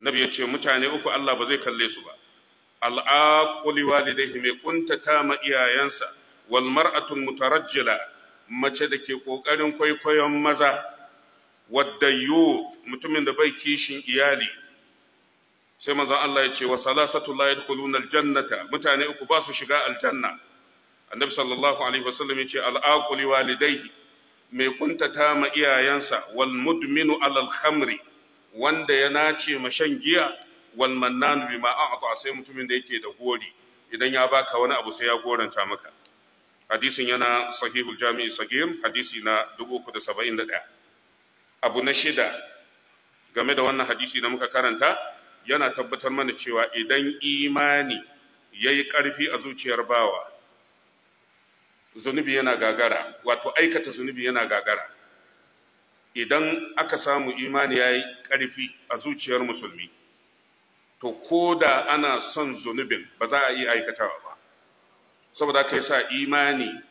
nabi ya ce mutane uku Allah ba zai kalle su ba al'aquli walidai mai kuntata ma iyayensa wal mar'atun mutarajjila mace da ke ƙoƙarin kwaikwayon maza wadayyu mutumin da bai kishin iyali sai manzon Allah ya ce wa salasatu la yadkhuluna aljannata mutane uku ba su shiga aljanna annabi sallallahu alaihi wasallam ya ce al'aquli walidayhi mai kuntata ma iyayensa wal mudminu alal khamri wanda ya nace ma shan giya wal mannan bima a'ta sai mutumin da yake da gori idan ya baka wani abu sai ya goranta maka hadisin yana sahihul jami'i sagir hadisi na 371 abu na shida game da wannan hadisi da muka karanta yana tabbatar mana cewa idan imani yayi karfi a zuciyar bawa zunubi yana gagara wato aikata zunubi yana gagara idan aka samu imani ya yi ƙarfi a zuciyar musulmi to ko da ana son zunubin ba za a iya aikatawa ba saboda ka sa imani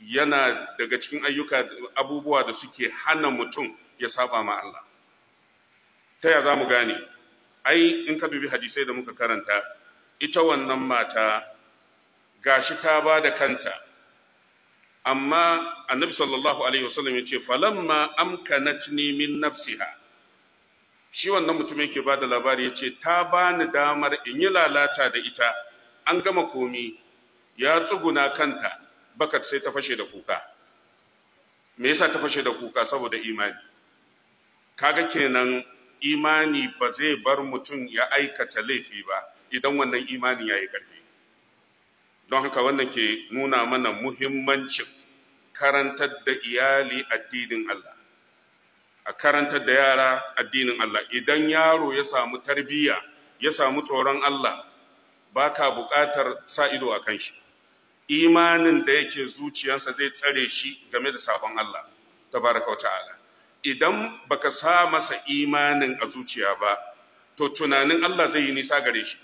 yana daga cikin ayyuka abubuwa da suke hana mutum ya saba ma Allah ta ya za mu gane ai in ka dubi hadisai da muka karanta ita wannan mata gashi ta ba da kanta amma annabi sallallahu alaihi wasallam ya ce falamma amkanatni min nafsiha shi wannan mutum yake bada labari ya ce ta bani damar in yi lalata da ita an gama komi ya tsuguna kanta bakat sai ta fashe da kuka me yasa ta fashe da kuka saboda imani kaga kenan imani ba zai bar mutum ya aikata laifi ba idan wannan imani ya yi ƙarfi don haka wannan ke nuna mana muhimmancin karantar da iyali addinin Allah a karantar da yara addinin Allah idan yaro ya samu tarbiyya ya samu tsoron Allah ba ka buƙatar sa ido a kan shi imanin da yake zuciyarsa zai tsare shi game da sabon Allah tabaraka ta'ala idan baka sa masa imanin a zuciya ba to tunanin Allah zai yi nisa gare shi